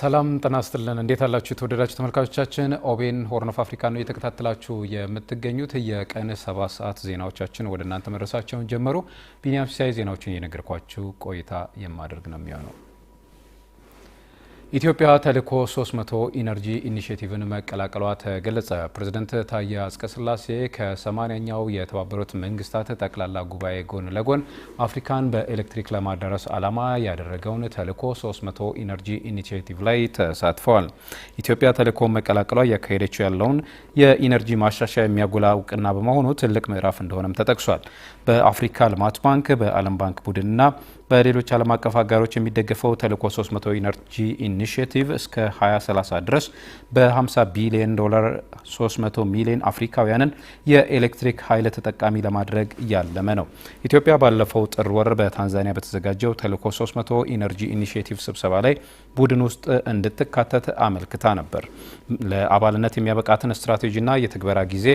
ሰላም ጤና ይስጥልን። እንዴት አላችሁ? የተወደዳችሁ ተመልካቾቻችን ኦቤን ሆርን ኦፍ አፍሪካ ነው እየተከታተላችሁ የምትገኙት። የቀን ሰባት ሰዓት ዜናዎቻችን ወደ እናንተ መድረሳቸውን ጀመሩ። ቢኒያም ሲሳይ ዜናዎችን እየነገርኳችሁ ቆይታ የማደርግ ነው የሚሆነው ኢትዮጵያ ተልዕኮ 300 ኢነርጂ ኢኒሽቲቭን መቀላቀሏ ተገለጸ። ፕሬዝደንት ታዬ አጽቀሥላሴ ከ80ኛው የተባበሩት መንግስታት ጠቅላላ ጉባኤ ጎን ለጎን አፍሪካን በኤሌክትሪክ ለማዳረስ ዓላማ ያደረገውን ተልዕኮ 300 ኢነርጂ ኢኒሽቲቭ ላይ ተሳትፈዋል። ኢትዮጵያ ተልዕኮ መቀላቀሏ እያካሄደችው ያለውን የኢነርጂ ማሻሻያ የሚያጎላ እውቅና በመሆኑ ትልቅ ምዕራፍ እንደሆነም ተጠቅሷል። በአፍሪካ ልማት ባንክ፣ በዓለም ባንክ ቡድንና በሌሎች ዓለም አቀፍ አጋሮች የሚደገፈው ተልእኮ 300 ኢነርጂ ኢኒሽቲቭ እስከ 2030 ድረስ በ50 ቢሊዮን ዶላር 300 ሚሊዮን አፍሪካውያንን የኤሌክትሪክ ኃይል ተጠቃሚ ለማድረግ ያለመ ነው። ኢትዮጵያ ባለፈው ጥር ወር በታንዛኒያ በተዘጋጀው ተልእኮ 300 ኢነርጂ ኢኒሽቲቭ ስብሰባ ላይ ቡድን ውስጥ እንድትካተት አመልክታ ነበር። ለአባልነት የሚያበቃትን ስትራቴጂና የትግበራ ጊዜ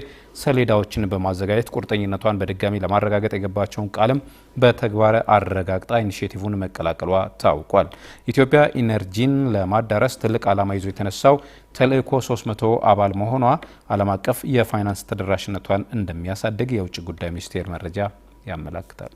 ሰሌዳዎችን በማዘጋጀት ቁርጠኝነቷን በድጋሚ ለማረጋገጥ የገባቸውን ቃልም በተግባር አረጋግጣ ኢኒሽቲቭን መቀላቀሏ ታውቋል። ኢትዮጵያ ኢነርጂን ለማዳረስ ትልቅ ዓላማ ይዞ የተነሳው ተልእኮ 300 አባል መሆኗ ዓለም አቀፍ የፋይናንስ ተደራሽነቷን እንደሚያሳድግ የውጭ ጉዳይ ሚኒስቴር መረጃ ያመላክታል።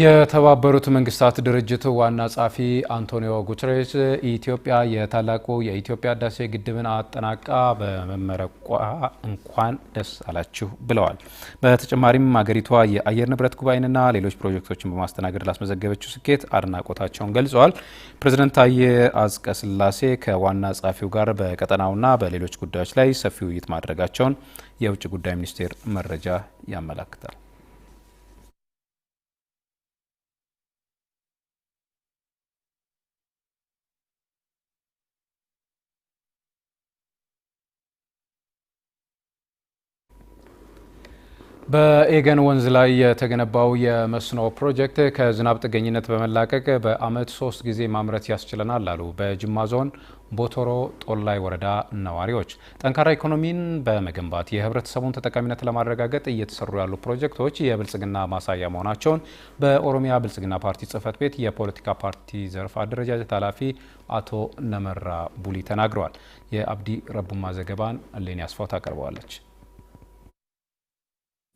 የተባበሩት መንግስታት ድርጅት ዋና ጸሐፊ አንቶኒዮ ጉተሬስ ኢትዮጵያ የታላቁ የኢትዮጵያ ህዳሴ ግድብን አጠናቃ በመመረቋ እንኳን ደስ አላችሁ ብለዋል። በተጨማሪም አገሪቷ የአየር ንብረት ጉባኤንና ሌሎች ፕሮጀክቶችን በማስተናገድ ላስመዘገበችው ስኬት አድናቆታቸውን ገልጸዋል። ፕሬዝደንት ታዬ አጽቀሥላሴ ከዋና ጸሐፊው ጋር በቀጠናውና በሌሎች ጉዳዮች ላይ ሰፊ ውይይት ማድረጋቸውን የውጭ ጉዳይ ሚኒስቴር መረጃ ያመላክታል። በኤገን ወንዝ ላይ የተገነባው የመስኖ ፕሮጀክት ከዝናብ ጥገኝነት በመላቀቅ በዓመት ሶስት ጊዜ ማምረት ያስችለናል አሉ በጅማ ዞን ቦቶሮ ጦላይ ወረዳ ነዋሪዎች። ጠንካራ ኢኮኖሚን በመገንባት የህብረተሰቡን ተጠቃሚነት ለማረጋገጥ እየተሰሩ ያሉ ፕሮጀክቶች የብልጽግና ማሳያ መሆናቸውን በኦሮሚያ ብልጽግና ፓርቲ ጽህፈት ቤት የፖለቲካ ፓርቲ ዘርፍ አደረጃጀት ኃላፊ አቶ ነመራ ቡሊ ተናግረዋል። የአብዲ ረቡማ ዘገባን ሌኒ አስፋው ታቀርበዋለች።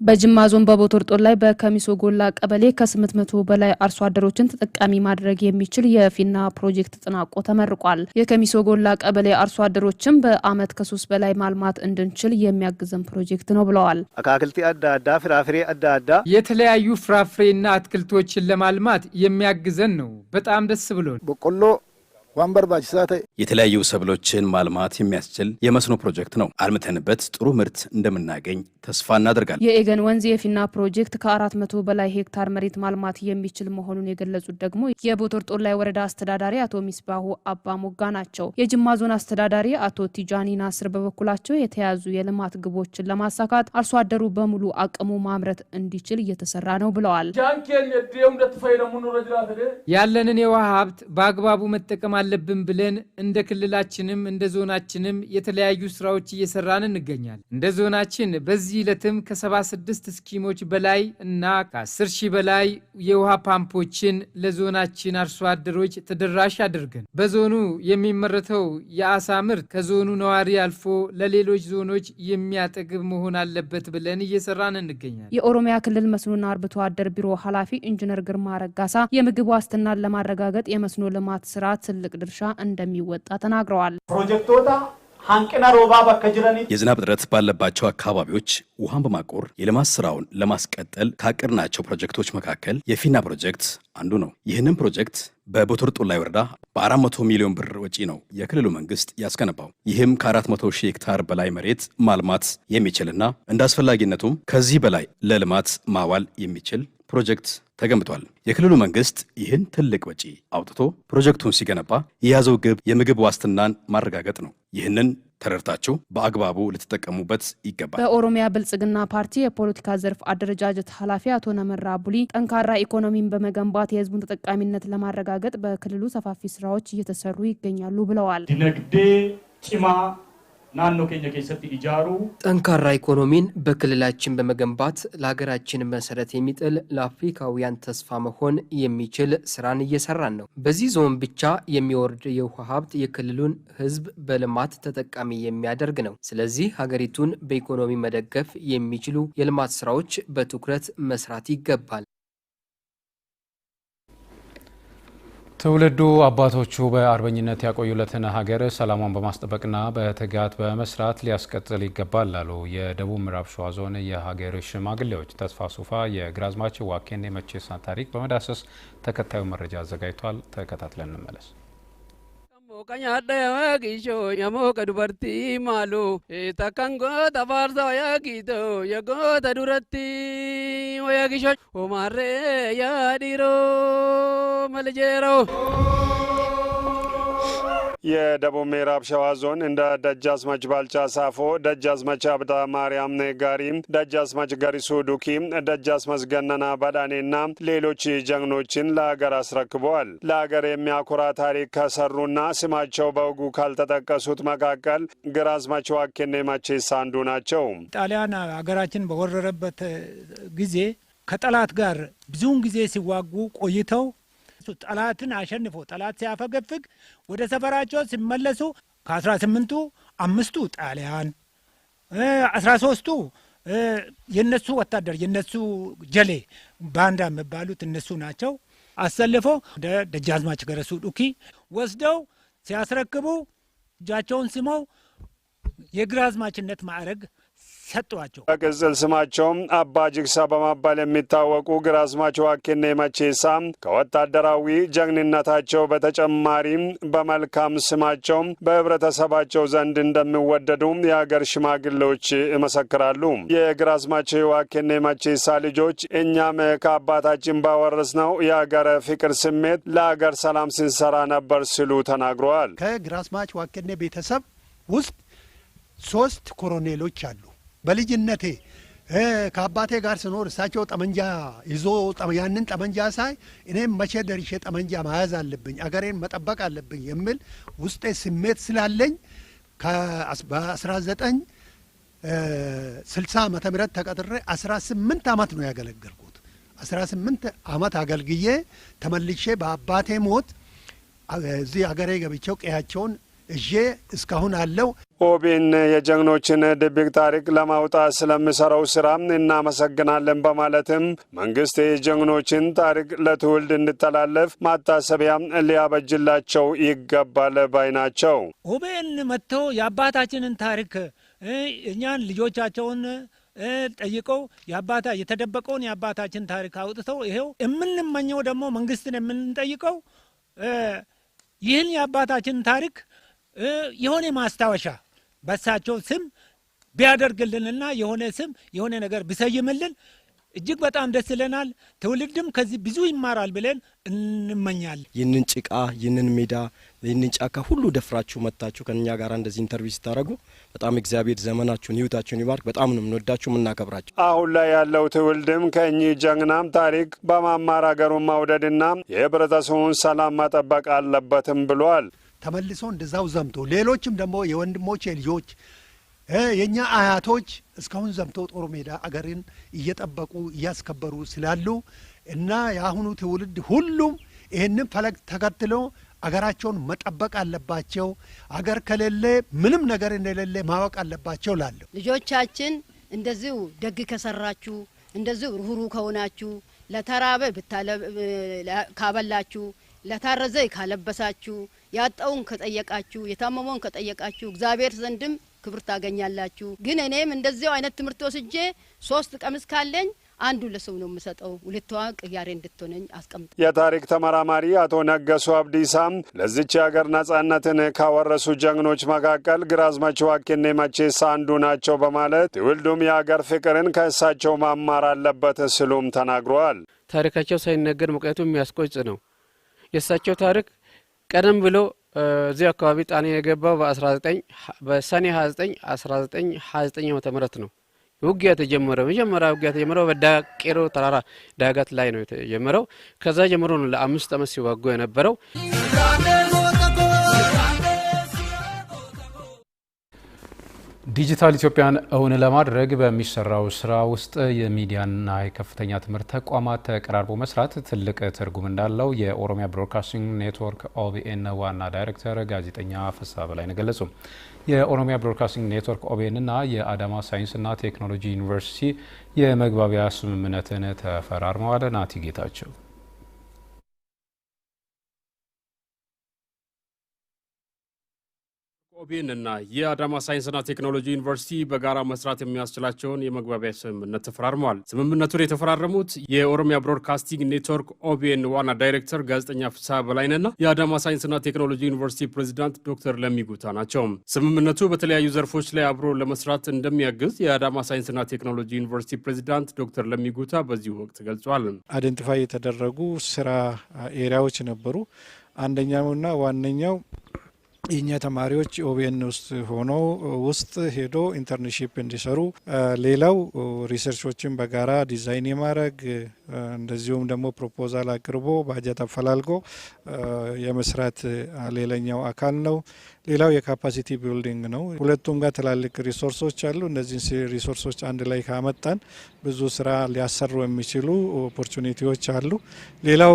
በጅማ ዞን በቦቶር ጦር ላይ በከሚሶ ጎላ ቀበሌ ከ800 በላይ አርሶ አደሮችን ተጠቃሚ ማድረግ የሚችል የፊና ፕሮጀክት ተጠናቆ ተመርቋል። የከሚሶ ጎላ ቀበሌ አርሶ አደሮችን በዓመት ከሶስት በላይ ማልማት እንድንችል የሚያግዘን ፕሮጀክት ነው ብለዋል። አካክልቲ አዳ አዳ ፍራፍሬ አዳ አዳ የተለያዩ ፍራፍሬና አትክልቶችን ለማልማት የሚያግዘን ነው። በጣም ደስ ብሎን በቆሎ የተለያዩ ሰብሎችን ማልማት የሚያስችል የመስኖ ፕሮጀክት ነው። አልምተንበት ጥሩ ምርት እንደምናገኝ ተስፋ እናደርጋለን። የኤገን ወንዝ የፊና ፕሮጀክት ከአራት መቶ በላይ ሄክታር መሬት ማልማት የሚችል መሆኑን የገለጹት ደግሞ የቦቶር ጦላይ ወረዳ አስተዳዳሪ አቶ ሚስባሁ አባ ሞጋ ናቸው። የጅማ ዞን አስተዳዳሪ አቶ ቲጃኒ ናስር በበኩላቸው የተያዙ የልማት ግቦችን ለማሳካት አርሶ አደሩ በሙሉ አቅሙ ማምረት እንዲችል እየተሰራ ነው ብለዋል። ያለንን የውሃ ሀብት በአግባቡ መጠቀም አለብን ብለን እንደ ክልላችንም እንደ ዞናችንም የተለያዩ ስራዎች እየሰራን እንገኛለን። እንደ ዞናችን በዚህ ዕለትም ከ76 ስኪሞች በላይ እና ከ10 ሺ በላይ የውሃ ፓምፖችን ለዞናችን አርሶ አደሮች ተደራሽ አድርገን በዞኑ የሚመረተው የአሳ ምርት ከዞኑ ነዋሪ አልፎ ለሌሎች ዞኖች የሚያጠግብ መሆን አለበት ብለን እየሰራን እንገኛል። የኦሮሚያ ክልል መስኖና አርብቶ አደር ቢሮ ኃላፊ ኢንጂነር ግርማ ረጋሳ የምግብ ዋስትናን ለማረጋገጥ የመስኖ ልማት ስራ ትልቅ ትልቅ ድርሻ እንደሚወጣ ተናግረዋል። ፕሮጀክቶታ ሀንቅና ሮባ በከጅረኒ የዝናብ እጥረት ባለባቸው አካባቢዎች ውሃን በማቆር የልማት ስራውን ለማስቀጠል ካቀድናቸው ፕሮጀክቶች መካከል የፊና ፕሮጀክት አንዱ ነው። ይህንን ፕሮጀክት በቦቶርጦ ላይ ወረዳ በ400 ሚሊዮን ብር ወጪ ነው የክልሉ መንግስት ያስገነባው። ይህም ከ400 ሺህ ሄክታር በላይ መሬት ማልማት የሚችልና እንደ አስፈላጊነቱም ከዚህ በላይ ለልማት ማዋል የሚችል ፕሮጀክት ተገንብቷል። የክልሉ መንግስት ይህን ትልቅ ወጪ አውጥቶ ፕሮጀክቱን ሲገነባ የያዘው ግብ የምግብ ዋስትናን ማረጋገጥ ነው። ይህንን ተረድታችሁ በአግባቡ ልትጠቀሙበት ይገባል። በኦሮሚያ ብልጽግና ፓርቲ የፖለቲካ ዘርፍ አደረጃጀት ኃላፊ አቶ ነመራ ቡሊ ጠንካራ ኢኮኖሚን በመገንባት የህዝቡን ተጠቃሚነት ለማረጋገጥ በክልሉ ሰፋፊ ስራዎች እየተሰሩ ይገኛሉ ብለዋል። ዲነግዴ ጭማ ጠንካራ ኢኮኖሚን በክልላችን በመገንባት ለሀገራችን መሰረት የሚጥል ለአፍሪካውያን ተስፋ መሆን የሚችል ስራን እየሰራን ነው። በዚህ ዞን ብቻ የሚወርድ የውሃ ሀብት የክልሉን ህዝብ በልማት ተጠቃሚ የሚያደርግ ነው። ስለዚህ ሀገሪቱን በኢኮኖሚ መደገፍ የሚችሉ የልማት ስራዎች በትኩረት መስራት ይገባል። ትውልዱ አባቶቹ በአርበኝነት ያቆዩለትን ሀገር ሰላሟን በማስጠበቅና በትጋት በመስራት ሊያስቀጥል ይገባል አሉ የደቡብ ምዕራብ ሸዋ ዞን የሀገር ሽማግሌዎች። ተስፋ ሱፋ የግራዝማች ዋኬን የመቼሳን ታሪክ በመዳሰስ ተከታዩ መረጃ አዘጋጅቷል። ተከታትለን እንመለስ። Mooqa nyaadha yaa qiishoo yaa mooqa dubartii maaloo takkan goota faarsa yaa qiitoo yaa goota duratti yaa qiishoo homaarree yaa dhiiroo mal jeeroo. የደቡብ ምዕራብ ሸዋ ዞን እንደ ደጃዝማች ባልቻ ሳፎ፣ ደጃዝማች አብታ ማርያም ነጋሪ፣ ደጃዝማች ገሪሱ ዱኪ፣ ደጃዝማች ገነና በዳኔና ሌሎች ጀግኖችን ለሀገር አስረክበዋል። ለሀገር የሚያኮራ ታሪክ ከሰሩና ስማቸው በውጉ ካልተጠቀሱት መካከል ግራዝማች ዋኬኔ ማቼሳ አንዱ ናቸው። ጣሊያን ሀገራችን በወረረበት ጊዜ ከጠላት ጋር ብዙውን ጊዜ ሲዋጉ ቆይተው ሲያለቅሱ ጠላትን አሸንፎ ጠላት ሲያፈገፍግ ወደ ሰፈራቸው ሲመለሱ ከአስራ ስምንቱ አምስቱ ጣሊያን አስራ ሶስቱ የነሱ ወታደር የነሱ ጀሌ ባንዳ የሚባሉት እነሱ ናቸው። አሰልፎ ወደ ደጃዝማች ገረሱ ዱኪ ወስደው ሲያስረክቡ እጃቸውን ስመው የግራዝማችነት ማዕረግ ሰጥቷቸው በቅጽል ስማቸውም አባ ጅግሳ በማባል የሚታወቁ ግራዝማች ዋኬኔ መቼሳ ከወታደራዊ ጀግንነታቸው በተጨማሪም በመልካም ስማቸው በህብረተሰባቸው ዘንድ እንደሚወደዱ የአገር ሽማግሌዎች ይመሰክራሉ። የግራዝማች ዋኬኔ መቼሳ ልጆች እኛም ከአባታችን ነው የአገር ፍቅር ስሜት ለአገር ሰላም ስንሰራ ነበር ሲሉ ተናግረዋል። ከግራዝማች ዋኬኔ ቤተሰብ ውስጥ ሶስት ኮሎኔሎች አሉ። በልጅነቴ ከአባቴ ጋር ስኖር እሳቸው ጠመንጃ ይዞ ያንን ጠመንጃ ሳይ እኔም መቼ ደርሼ ጠመንጃ መያዝ አለብኝ፣ አገሬን መጠበቅ አለብኝ የሚል ውስጤ ስሜት ስላለኝ በ1960 ዓመተ ምህረት ተቀጥሬ 18 ዓመት ነው ያገለገልኩት። 18 ዓመት አገልግዬ ተመልሼ በአባቴ ሞት እዚህ አገሬ ገብቼው ቀያቸውን እዤ እስካሁን አለው። ኦቢን የጀግኖችን ድብቅ ታሪክ ለማውጣት ስለሚሰራው ስራ እናመሰግናለን በማለትም መንግስት የጀግኖችን ታሪክ ለትውልድ እንዲተላለፍ ማታሰቢያ ሊያበጅላቸው ይገባል ባይ ናቸው። ኦቤን መጥቶ የአባታችንን ታሪክ እኛን ልጆቻቸውን ጠይቀው የአባታ የተደበቀውን የአባታችን ታሪክ አውጥተው ይሄው የምንመኘው ደግሞ መንግስትን የምንጠይቀው ይህን የአባታችን ታሪክ የሆነ ማስታወሻ በሳቸው ስም ቢያደርግልንና የሆነ ስም የሆነ ነገር ቢሰይምልን እጅግ በጣም ደስ ይለናል። ትውልድም ከዚህ ብዙ ይማራል ብለን እንመኛለን። ይህንን ጭቃ፣ ይህንን ሜዳ፣ ይህንን ጫካ ሁሉ ደፍራችሁ መጥታችሁ ከኛ ጋር እንደዚህ ኢንተርቪው ስታደርጉ በጣም እግዚአብሔር ዘመናችሁን ህይወታችሁን ይባርክ። በጣም ነው የምንወዳችሁ የምናከብራችሁ። አሁን ላይ ያለው ትውልድም ከእኚህ ጀግናም ታሪክ በማማር ሀገሩን ማውደድና የህብረተሰቡን ሰላም መጠበቅ አለበትም ብሏል። ተመልሶ እንደዛው ዘምቶ ሌሎችም ደግሞ የወንድሞቼ ልጆች የእኛ አያቶች እስካሁን ዘምቶ ጦር ሜዳ አገርን እየጠበቁ እያስከበሩ ስላሉ እና የአሁኑ ትውልድ ሁሉም ይህንን ፈለግ ተከትሎ አገራቸውን መጠበቅ አለባቸው። አገር ከሌለ ምንም ነገር እንደሌለ ማወቅ አለባቸው ላለሁ ልጆቻችን እንደዚሁ ደግ ከሰራችሁ፣ እንደዚሁ ርኅሩህ ከሆናችሁ፣ ለተራበ ካበላችሁ፣ ለታረዘ ካለበሳችሁ ያጣውን ከጠየቃችሁ፣ የታመመውን ከጠየቃችሁ እግዚአብሔር ዘንድም ክብር ታገኛላችሁ። ግን እኔም እንደዚያው አይነት ትምህርት ወስጄ ሶስት ቀሚስ ካለኝ አንዱ ለሰው ነው የምሰጠው። ሁለቷ ቅያሬ እንድትሆነኝ አስቀምጥ። የታሪክ ተመራማሪ አቶ ነገሱ አብዲሳም ለዚች ሀገር ነጻነትን ካወረሱ ጀግኖች መካከል ግራዝማች ዋኬኔ መቼሳ አንዱ ናቸው በማለት ትውልዱም የሀገር ፍቅርን ከእሳቸው ማማር አለበት ስሉም ተናግረዋል። ታሪካቸው ሳይነገር መቆየቱ የሚያስቆጭ ነው። የእሳቸው ታሪክ ቀደም ብሎ እዚህ አካባቢ ጣኔ የገባው በሰኔ 29 1929 ምት ነው ውጊያ የተጀመረው። መጀመሪያ ውጊያ የተጀመረው በዳቄሮ ተራራ ዳጋት ላይ ነው የተጀመረው። ከዛ ጀምሮ ነው ለአምስት ዓመት ሲዋጉ የነበረው። ዲጂታል ኢትዮጵያን እውን ለማድረግ በሚሰራው ስራ ውስጥ የሚዲያና የከፍተኛ ትምህርት ተቋማት ተቀራርቦ መስራት ትልቅ ትርጉም እንዳለው የኦሮሚያ ብሮድካስቲንግ ኔትወርክ ኦቢኤን ዋና ዳይሬክተር ጋዜጠኛ ፍስሐ በላይነህ ገለጹ። የኦሮሚያ ብሮድካስቲንግ ኔትወርክ ኦቢኤንና የአዳማ ሳይንስና ቴክኖሎጂ ዩኒቨርሲቲ የመግባቢያ ስምምነትን ተፈራርመዋል። ናቲ ጌታቸው ኦቤን እና የአዳማ ሳይንስና ቴክኖሎጂ ዩኒቨርሲቲ በጋራ መስራት የሚያስችላቸውን የመግባቢያ ስምምነት ተፈራርመዋል። ስምምነቱን የተፈራረሙት የኦሮሚያ ብሮድካስቲንግ ኔትወርክ ኦቢኤን ዋና ዳይሬክተር ጋዜጠኛ ፍስሐ በላይነና የአዳማ ሳይንስና ቴክኖሎጂ ዩኒቨርሲቲ ፕሬዚዳንት ዶክተር ለሚጉታ ናቸው። ስምምነቱ በተለያዩ ዘርፎች ላይ አብሮ ለመስራት እንደሚያግዝ የአዳማ ሳይንስና ቴክኖሎጂ ዩኒቨርሲቲ ፕሬዚዳንት ዶክተር ለሚጉታ በዚሁ ወቅት ገልጿል። አይደንቲፋይ የተደረጉ ስራ ኤሪያዎች ነበሩ። አንደኛውና ዋነኛው የእኛ ተማሪዎች ኦቤን ውስጥ ሆኖ ውስጥ ሄዶ ኢንተርንሺፕ እንዲሰሩ፣ ሌላው ሪሰርቾችን በጋራ ዲዛይን የማድረግ እንደዚሁም ደግሞ ፕሮፖዛል አቅርቦ ባጀት አፈላልጎ የመስራት ሌላኛው አካል ነው። ሌላው የካፓሲቲ ቢልዲንግ ነው። ሁለቱም ጋር ትላልቅ ሪሶርሶች አሉ። እነዚህ ሪሶርሶች አንድ ላይ ካመጣን ብዙ ስራ ሊያሰሩ የሚችሉ ኦፖርቹኒቲዎች አሉ። ሌላው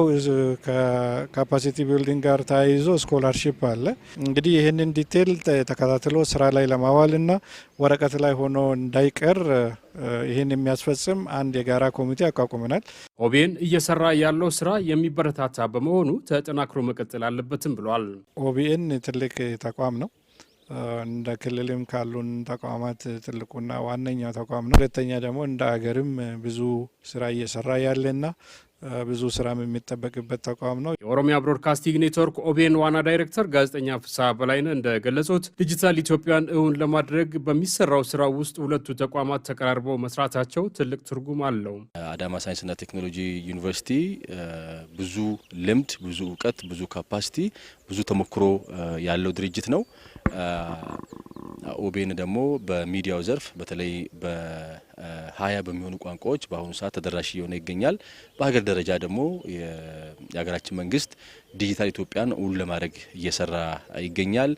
ከካፓሲቲ ቢልዲንግ ጋር ተያይዞ ስኮላርሺፕ አለ። እንግዲህ ይህንን ዲቴል ተከታትሎ ስራ ላይ ለማዋልና ወረቀት ላይ ሆኖ እንዳይቀር ይህን የሚያስፈጽም አንድ የጋራ ኮሚቴ አቋቁመናል። ኦቤን እየሰራ ያለው ስራ የሚበረታታ በመሆኑ ተጠናክሮ መቀጠል አለበትም ብሏል። ኦቤን ትልቅ ተቋም ነው። እንደ ክልልም ካሉን ተቋማት ትልቁና ዋነኛው ተቋም ነው። ሁለተኛ ደግሞ እንደ ሀገርም ብዙ ስራ እየሰራ ያለና ብዙ ስራም የሚጠበቅበት ተቋም ነው። የኦሮሚያ ብሮድካስቲንግ ኔትወርክ ኦቤን ዋና ዳይሬክተር ጋዜጠኛ ፍሳ በላይነ እንደገለጹት ዲጂታል ኢትዮጵያን እውን ለማድረግ በሚሰራው ስራ ውስጥ ሁለቱ ተቋማት ተቀራርበው መስራታቸው ትልቅ ትርጉም አለው። አዳማ ሳይንስና ቴክኖሎጂ ዩኒቨርሲቲ ብዙ ልምድ፣ ብዙ እውቀት፣ ብዙ ካፓሲቲ፣ ብዙ ተሞክሮ ያለው ድርጅት ነው። ኦቤን ደግሞ በሚዲያው ዘርፍ በተለይ በሀያ በሚሆኑ ቋንቋዎች በአሁኑ ሰዓት ተደራሽ እየሆነ ይገኛል። በሀገር ደረጃ ደግሞ የሀገራችን መንግስት ዲጂታል ኢትዮጵያን እውን ለማድረግ እየሰራ ይገኛል።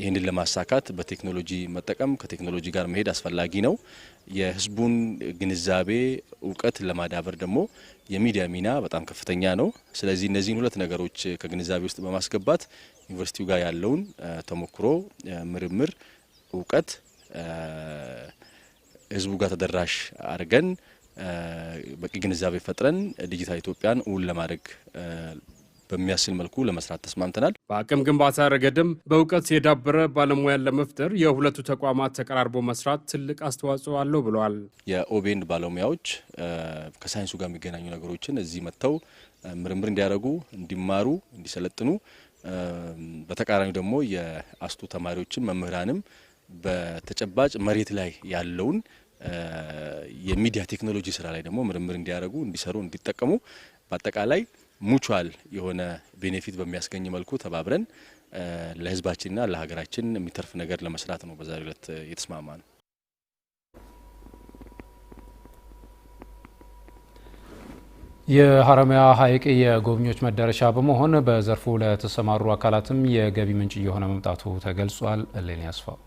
ይህንን ለማሳካት በቴክኖሎጂ መጠቀም ከቴክኖሎጂ ጋር መሄድ አስፈላጊ ነው። የህዝቡን ግንዛቤ እውቀት ለማዳበር ደግሞ የሚዲያ ሚና በጣም ከፍተኛ ነው። ስለዚህ እነዚህን ሁለት ነገሮች ከግንዛቤ ውስጥ በማስገባት ዩኒቨርሲቲው ጋር ያለውን ተሞክሮ፣ ምርምር፣ እውቀት ህዝቡ ጋር ተደራሽ አድርገን በቂ ግንዛቤ ፈጥረን ዲጂታል ኢትዮጵያን እውን ለማድረግ በሚያስችል መልኩ ለመስራት ተስማምተናል። በአቅም ግንባታ ረገድም በእውቀት የዳበረ ባለሙያን ለመፍጠር የሁለቱ ተቋማት ተቀራርቦ መስራት ትልቅ አስተዋጽኦ አለው ብለዋል። የኦቤንድ ባለሙያዎች ከሳይንሱ ጋር የሚገናኙ ነገሮችን እዚህ መጥተው ምርምር እንዲያደርጉ፣ እንዲማሩ፣ እንዲሰለጥኑ በተቃራኒ ደግሞ የአስቱ ተማሪዎችን መምህራንም በተጨባጭ መሬት ላይ ያለውን የሚዲያ ቴክኖሎጂ ስራ ላይ ደግሞ ምርምር እንዲያደርጉ፣ እንዲሰሩ፣ እንዲጠቀሙ በአጠቃላይ ሙቹዋል የሆነ ቤኔፊት በሚያስገኝ መልኩ ተባብረን ለህዝባችንና ለሀገራችን የሚተርፍ ነገር ለመስራት ነው በዛሬው ዕለት የተስማማ ነው። የሀረማያ ሐይቅ የጎብኚዎች መዳረሻ በመሆን በዘርፉ ለተሰማሩ አካላትም የገቢ ምንጭ እየሆነ መምጣቱ ተገልጿል። ሌን ያስፋው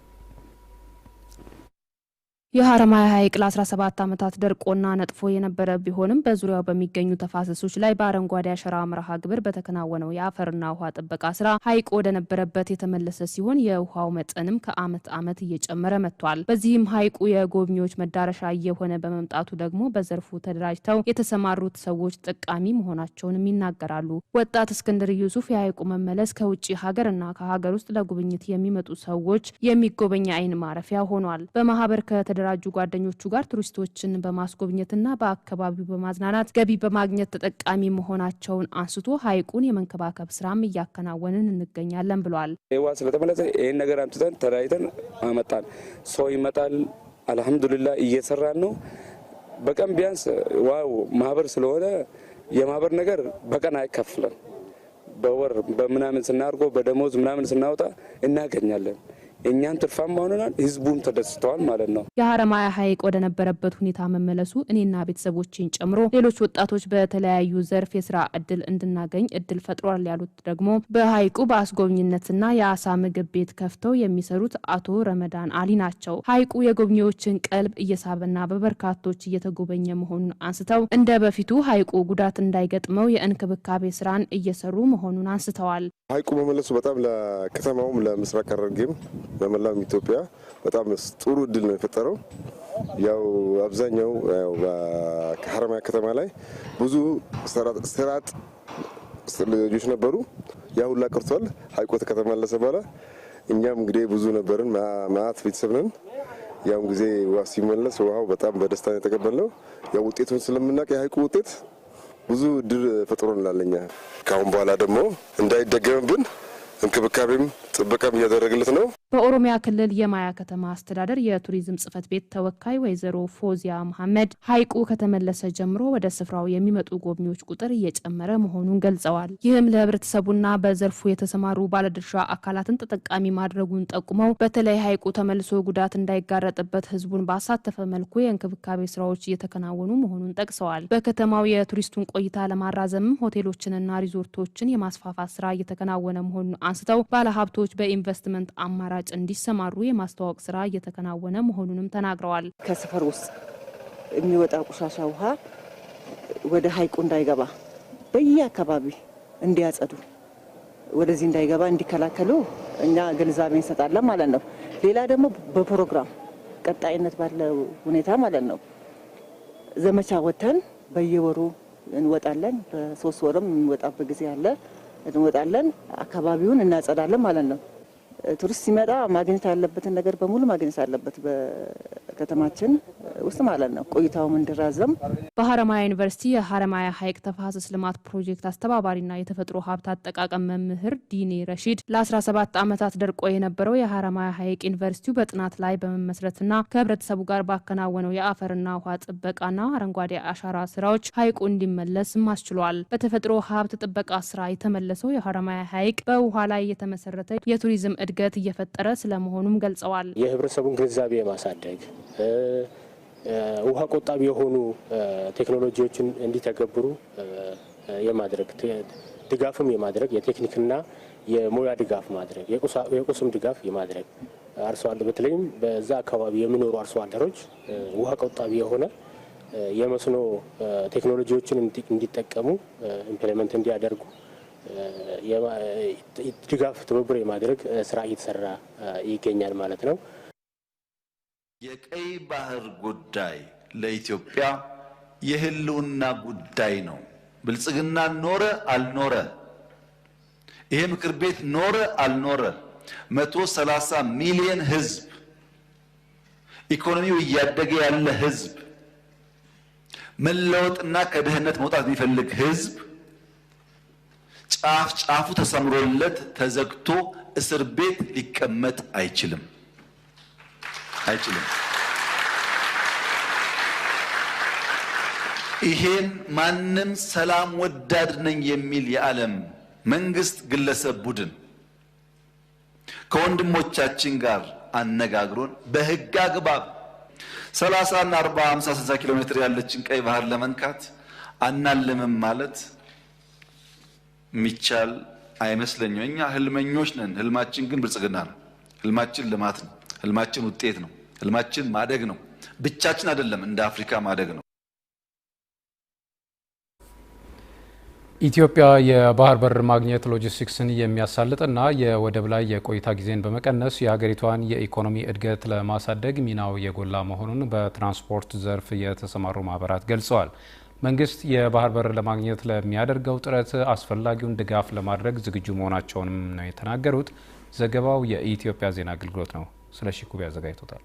የሀረማያ ሐይቅ ለ17 ዓመታት ደርቆና ነጥፎ የነበረ ቢሆንም በዙሪያው በሚገኙ ተፋሰሶች ላይ በአረንጓዴ አሸራ መርሃ ግብር በተከናወነው የአፈርና ውሃ ጥበቃ ስራ ሐይቅ ወደ ነበረበት የተመለሰ ሲሆን የውሃው መጠንም ከዓመት ዓመት እየጨመረ መጥቷል። በዚህም ሐይቁ የጎብኚዎች መዳረሻ እየሆነ በመምጣቱ ደግሞ በዘርፉ ተደራጅተው የተሰማሩት ሰዎች ጠቃሚ መሆናቸውንም ይናገራሉ። ወጣት እስክንድር ዩሱፍ የሐይቁ መመለስ ከውጭ ሀገር እና ከሀገር ውስጥ ለጉብኝት የሚመጡ ሰዎች የሚጎበኝ አይን ማረፊያ ሆኗል። በማህበር ከተደራጁ ጓደኞቹ ጋር ቱሪስቶችን በማስጎብኘትና በአካባቢው በማዝናናት ገቢ በማግኘት ተጠቃሚ መሆናቸውን አንስቶ ሀይቁን የመንከባከብ ስራም እያከናወንን እንገኛለን ብሏል። ዋ ስለተመለሰ ይህን ነገር አምጥተን ተለያይተን አመጣን። ሰው ይመጣል። አልሐምዱሊላ እየሰራን ነው። በቀን ቢያንስ ዋው ማህበር ስለሆነ የማህበር ነገር በቀን አይከፍለን በወር በምናምን ስናርጎ በደሞዝ ምናምን ስናወጣ እናገኛለን። እኛም ትርፋማ ሆነናል፣ ህዝቡም ተደስተዋል ማለት ነው። የሀረማያ ሐይቅ ወደነበረበት ሁኔታ መመለሱ እኔና ቤተሰቦችን ጨምሮ ሌሎች ወጣቶች በተለያዩ ዘርፍ የስራ እድል እንድናገኝ እድል ፈጥሯል ያሉት ደግሞ በሐይቁ በአስጎብኝነትና የአሳ ምግብ ቤት ከፍተው የሚሰሩት አቶ ረመዳን አሊ ናቸው። ሀይቁ የጎብኚዎችን ቀልብ እየሳበና በበርካቶች እየተጎበኘ መሆኑን አንስተው እንደ በፊቱ ሐይቁ ጉዳት እንዳይገጥመው የእንክብካቤ ስራን እየሰሩ መሆኑን አንስተዋል። ሀይቁ መመለሱ በጣም ለከተማውም ለምስራቅ ሐረርጌም በመላም ኢትዮጵያ በጣም ጥሩ እድል ነው የፈጠረው። ያው አብዛኛው ሀረማያ ከተማ ላይ ብዙ ስራጥ ልጆች ነበሩ። ያ ሁላ ቀርቷል። ሀይቆ ከተመለሰ በኋላ እኛም እንግዲህ ብዙ ነበርን፣ ማአት ቤተሰብ ነን። ያም ጊዜ ውሃ ሲመለስ ውሃው በጣም በደስታ ነው የተቀበልነው። ያው ውጤቱን ስለምናውቅ የሀይቁ ውጤት ብዙ እድል ፈጥሮ ንላለኛ ከአሁን በኋላ ደግሞ እንዳይደገምብን እንክብካቤም ጥበቃም እያደረግለት ነው። በኦሮሚያ ክልል የማያ ከተማ አስተዳደር የቱሪዝም ጽሕፈት ቤት ተወካይ ወይዘሮ ፎዚያ መሐመድ ሐይቁ ከተመለሰ ጀምሮ ወደ ስፍራው የሚመጡ ጎብኚዎች ቁጥር እየጨመረ መሆኑን ገልጸዋል። ይህም ለህብረተሰቡና በዘርፉ የተሰማሩ ባለድርሻ አካላትን ተጠቃሚ ማድረጉን ጠቁመው በተለይ ሐይቁ ተመልሶ ጉዳት እንዳይጋረጥበት ህዝቡን ባሳተፈ መልኩ የእንክብካቤ ስራዎች እየተከናወኑ መሆኑን ጠቅሰዋል። በከተማው የቱሪስቱን ቆይታ ለማራዘምም ሆቴሎችንና ሪዞርቶችን የማስፋፋት ስራ እየተከናወነ መሆኑን አንስተው ባለሀብቶች በኢንቨስትመንት አማራ አማራጭ እንዲሰማሩ የማስተዋወቅ ስራ እየተከናወነ መሆኑንም ተናግረዋል። ከሰፈር ውስጥ የሚወጣ ቆሻሻ ውሃ ወደ ሀይቁ እንዳይገባ በየአካባቢ እንዲያጸዱ ወደዚህ እንዳይገባ እንዲከላከሉ እኛ ግንዛቤ እንሰጣለን ማለት ነው። ሌላ ደግሞ በፕሮግራም ቀጣይነት ባለው ሁኔታ ማለት ነው ዘመቻ ወጥተን በየወሩ እንወጣለን። በሶስት ወርም የሚወጣበት ጊዜ አለ። እንወጣለን፣ አካባቢውን እናጸዳለን ማለት ነው። ቱሪስት ሲመጣ ማግኘት ያለበትን ነገር በሙሉ ማግኘት አለበት ከተማችን ውስጥ ማለት ነው ቆይታውም እንዲራዘም በሀረማያ ዩኒቨርሲቲ የሀረማያ ሐይቅ ተፋሰስ ልማት ፕሮጀክት አስተባባሪና የተፈጥሮ ሀብት አጠቃቀም መምህር ዲኔ ረሺድ ለ17 ዓመታት ደርቆ የነበረው የሀረማያ ሐይቅ ዩኒቨርሲቲው በጥናት ላይ በመመስረትና ከህብረተሰቡ ጋር ባከናወነው የአፈርና ውሃ ጥበቃና አረንጓዴ አሻራ ስራዎች ሐይቁ እንዲመለስ አስችሏል። በተፈጥሮ ሀብት ጥበቃ ስራ የተመለሰው የሀረማያ ሐይቅ በውሃ ላይ የተመሰረተ የቱሪዝም እድገት እየፈጠረ ስለመሆኑም ገልጸዋል። የህብረተሰቡን ግንዛቤ ማሳደግ ውሃ ቆጣቢ የሆኑ ቴክኖሎጂዎችን እንዲተገብሩ የማድረግ ድጋፍም የማድረግ የቴክኒክና የሙያ ድጋፍ ማድረግ የቁስም ድጋፍ የማድረግ አርሶ አደር በተለይም በዛ አካባቢ የሚኖሩ አርሶ አደሮች ውሃ ቆጣቢ የሆነ የመስኖ ቴክኖሎጂዎችን እንዲጠቀሙ ኢምፕሊመንት እንዲያደርጉ ድጋፍ ትብብር የማድረግ ስራ እየተሰራ ይገኛል ማለት ነው። የቀይ ባህር ጉዳይ ለኢትዮጵያ የህልውና ጉዳይ ነው። ብልጽግና ኖረ አልኖረ፣ ይሄ ምክር ቤት ኖረ አልኖረ፣ መቶ ሰላሳ ሚሊዮን ህዝብ፣ ኢኮኖሚው እያደገ ያለ ህዝብ፣ መለወጥና ከድህነት መውጣት የሚፈልግ ህዝብ ጫፍ ጫፉ ተሰምሮለት ተዘግቶ እስር ቤት ሊቀመጥ አይችልም። አይችልም። ይሄን ማንም ሰላም ወዳድ ነኝ የሚል የዓለም መንግስት፣ ግለሰብ፣ ቡድን ከወንድሞቻችን ጋር አነጋግሮን በህግ አግባብ 30 እና 40 50 60 ኪሎ ሜትር ያለችን ቀይ ባህር ለመንካት አናልምም ማለት የሚቻል አይመስለኝም። እኛ ህልመኞች ነን። ህልማችን ግን ብልጽግና ነው። ህልማችን ልማት ነው። ህልማችን ውጤት ነው። ህልማችን ማደግ ነው። ብቻችን አይደለም፣ እንደ አፍሪካ ማደግ ነው። ኢትዮጵያ የባህር በር ማግኘት ሎጂስቲክስን የሚያሳልጥና የወደብ ላይ የቆይታ ጊዜን በመቀነስ የሀገሪቷን የኢኮኖሚ እድገት ለማሳደግ ሚናው የጎላ መሆኑን በትራንስፖርት ዘርፍ የተሰማሩ ማህበራት ገልጸዋል። መንግስት የባህር በር ለማግኘት ለሚያደርገው ጥረት አስፈላጊውን ድጋፍ ለማድረግ ዝግጁ መሆናቸውንም ነው የተናገሩት። ዘገባው የኢትዮጵያ ዜና አገልግሎት ነው። ስለ ኩቢ አዘጋጅቶታል።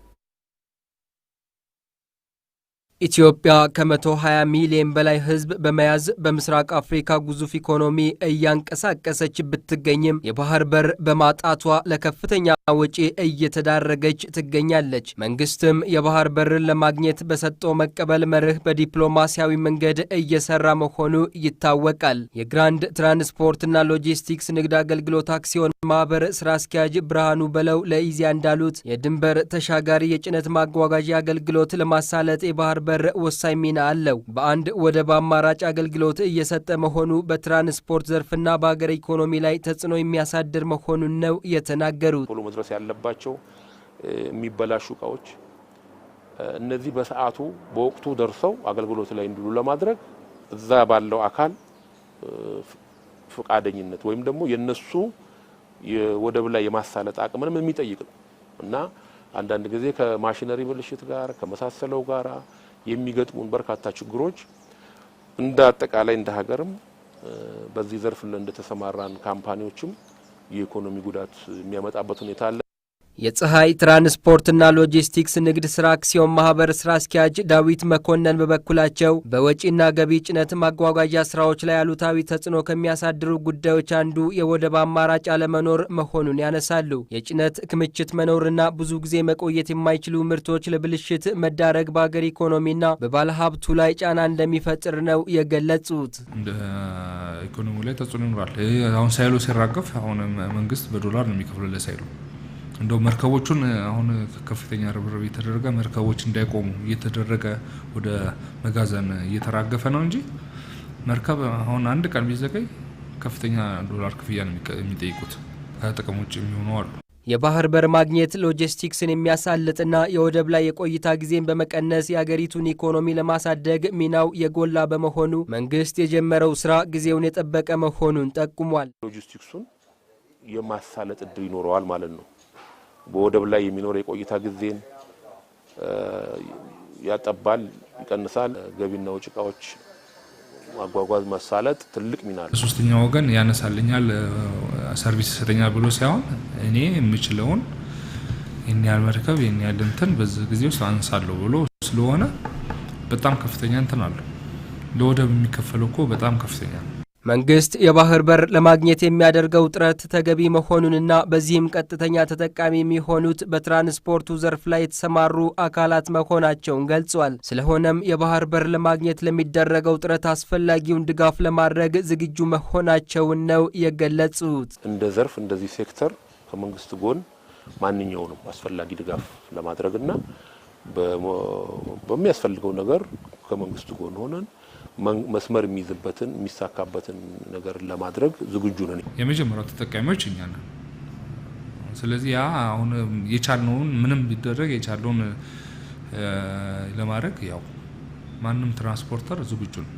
ኢትዮጵያ ከ120 ሚሊዮን በላይ ሕዝብ በመያዝ በምስራቅ አፍሪካ ግዙፍ ኢኮኖሚ እያንቀሳቀሰች ብትገኝም የባህር በር በማጣቷ ለከፍተኛ ወጪ እየተዳረገች ትገኛለች። መንግስትም የባህር በርን ለማግኘት በሰጦ መቀበል መርህ በዲፕሎማሲያዊ መንገድ እየሰራ መሆኑ ይታወቃል። የግራንድ ትራንስፖርትና ሎጂስቲክስ ንግድ አገልግሎት አክሲዮን ማህበር ስራ አስኪያጅ ብርሃኑ በለው ለኢዜአ እንዳሉት የድንበር ተሻጋሪ የጭነት ማጓጓዣ አገልግሎት ለማሳለጥ የባህር በር ወሳኝ ሚና አለው። በአንድ ወደብ አማራጭ አገልግሎት እየሰጠ መሆኑ በትራንስፖርት ዘርፍና በአገር ኢኮኖሚ ላይ ተጽዕኖ የሚያሳድር መሆኑን ነው የተናገሩት። መድረስ ያለባቸው የሚበላሹ እቃዎች እነዚህ በሰዓቱ በወቅቱ ደርሰው አገልግሎት ላይ እንዲሉ ለማድረግ እዛ ባለው አካል ፍቃደኝነት ወይም ደግሞ የነሱ የወደብ ላይ የማሳለጥ አቅምንም የሚጠይቅ ነው እና አንዳንድ ጊዜ ከማሽነሪ ብልሽት ጋር ከመሳሰለው ጋራ የሚገጥሙን በርካታ ችግሮች እንደ አጠቃላይ እንደ ሀገርም በዚህ ዘርፍ እንደተሰማራን ካምፓኒዎችም የኢኮኖሚ ጉዳት የሚያመጣበት ሁኔታ አለ። የፀሐይ ትራንስፖርትና ሎጂስቲክስ ንግድ ስራ አክሲዮን ማህበር ስራ አስኪያጅ ዳዊት መኮንን በበኩላቸው በወጪና ገቢ ጭነት ማጓጓዣ ስራዎች ላይ አሉታዊ ተጽዕኖ ከሚያሳድሩ ጉዳዮች አንዱ የወደብ አማራጭ አለመኖር መሆኑን ያነሳሉ። የጭነት ክምችት መኖርና ብዙ ጊዜ መቆየት የማይችሉ ምርቶች ለብልሽት መዳረግ በአገር ኢኮኖሚና በባለሀብቱ ላይ ጫና እንደሚፈጥር ነው የገለጹት። ኢኮኖሚ ላይ ተጽዕኖ ይኖራል። አሁን ሳይሉ ሲራገፍ አሁን መንግስት በዶላር ነው የሚከፍለው ለሳይሉ እንደው መርከቦቹን አሁን ከፍተኛ ርብርብ የተደረገ መርከቦች እንዳይቆሙ እየተደረገ ወደ መጋዘን እየተራገፈ ነው እንጂ መርከብ አሁን አንድ ቀን ቢዘገይ ከፍተኛ ዶላር ክፍያ ነው የሚጠይቁት። ከጥቅም ውጭ የሚሆኑ አሉ። የባህር በር ማግኘት ሎጂስቲክስን የሚያሳልጥና የወደብ ላይ የቆይታ ጊዜን በመቀነስ የአገሪቱን ኢኮኖሚ ለማሳደግ ሚናው የጎላ በመሆኑ መንግስት የጀመረው ስራ ጊዜውን የጠበቀ መሆኑን ጠቁሟል። ሎጂስቲክሱን የማሳለጥ እድል ይኖረዋል ማለት ነው። በወደብ ላይ የሚኖር የቆይታ ጊዜን ያጠባል፣ ይቀንሳል። ገቢና ውጭ እቃዎች ማጓጓዝ መሳለጥ ትልቅ ሚና አለ። ሶስተኛ ወገን ያነሳልኛል፣ ሰርቪስ ይሰጠኛል ብሎ ሳይሆን እኔ የምችለውን ይህን ያህል መርከብ ይህን ያህል እንትን በዚህ ጊዜ ውስጥ አንሳለሁ ብሎ ስለሆነ በጣም ከፍተኛ እንትን አለው። ለወደብ የሚከፈለው እኮ በጣም ከፍተኛ ነው። መንግስት የባህር በር ለማግኘት የሚያደርገው ጥረት ተገቢ መሆኑንና በዚህም ቀጥተኛ ተጠቃሚ የሚሆኑት በትራንስፖርቱ ዘርፍ ላይ የተሰማሩ አካላት መሆናቸውን ገልጿል። ስለሆነም የባህር በር ለማግኘት ለሚደረገው ጥረት አስፈላጊውን ድጋፍ ለማድረግ ዝግጁ መሆናቸውን ነው የገለጹት። እንደ ዘርፍ እንደዚህ ሴክተር ከመንግስት ጎን ማንኛውንም አስፈላጊ ድጋፍ ለማድረግና በሚያስፈልገው ነገር ከመንግስት ጎን ሆነን መስመር የሚይዝበትን የሚሳካበትን ነገር ለማድረግ ዝግጁ ነን። የመጀመሪያው ተጠቃሚዎች እኛ ነን። ስለዚህ ያ አሁን የቻልነውን ምንም ቢደረግ የቻለውን ለማድረግ ያው ማንም ትራንስፖርተር ዝግጁ ነው።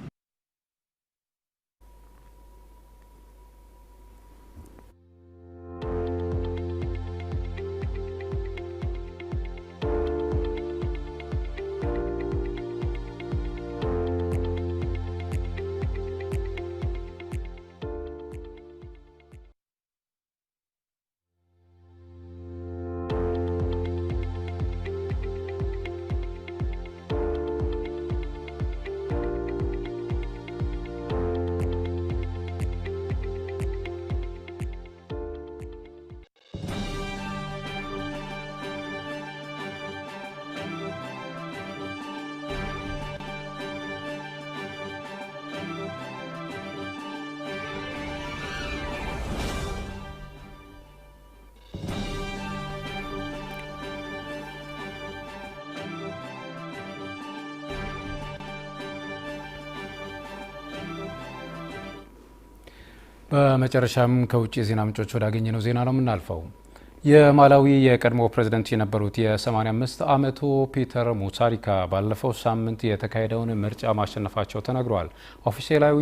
በመጨረሻም ከውጭ የዜና ምንጮች ወዳገኘነው ዜና ነው የምናልፈው። የማላዊ የቀድሞ ፕሬዝደንት የነበሩት የ85 ዓመቱ ፒተር ሙታሪካ ባለፈው ሳምንት የተካሄደውን ምርጫ ማሸነፋቸው ተነግሯል። ኦፊሴላዊ